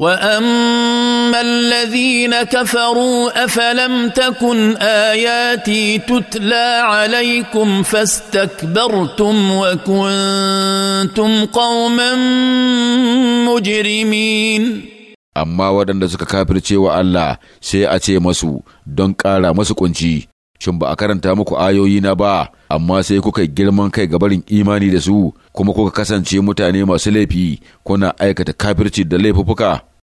واما الذين كفروا افلم تكن اياتي تتلى عليكم فاستكبرتم وكنتم قوما مجرمين amma waɗanda suka kafirce wa Allah sai a ce masu don ƙara masu ƙunci shin ba a karanta muku ayoyi na ba amma sai kuka girman kai gabarin imani da su kuma kuka kasance mutane masu laifi kuna aikata kafirci da laifuffuka